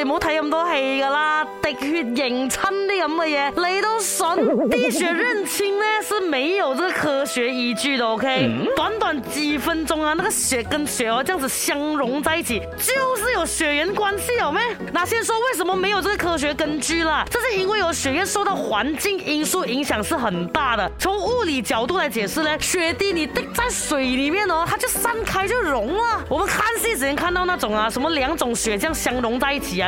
你唔好睇咁多戲噶啦，滴血認親啲咁嘅嘢，你都信滴血認親呢？是沒有這個科學依據的，OK？、嗯、短短幾分鐘啊，那個血跟血哦這樣子相融在一起，就是有血緣關係，好咩？那先說為什麼沒有這個科學根據啦，這是因為有血液受到環境因素影響是很大的。從物理角度來解釋呢，血滴你滴在水裏面哦，它就散開就融了。我們看戲只能看到那種啊，什麼兩種血這樣相融在一起啊。